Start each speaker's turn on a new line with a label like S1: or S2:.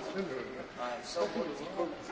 S1: Thank you.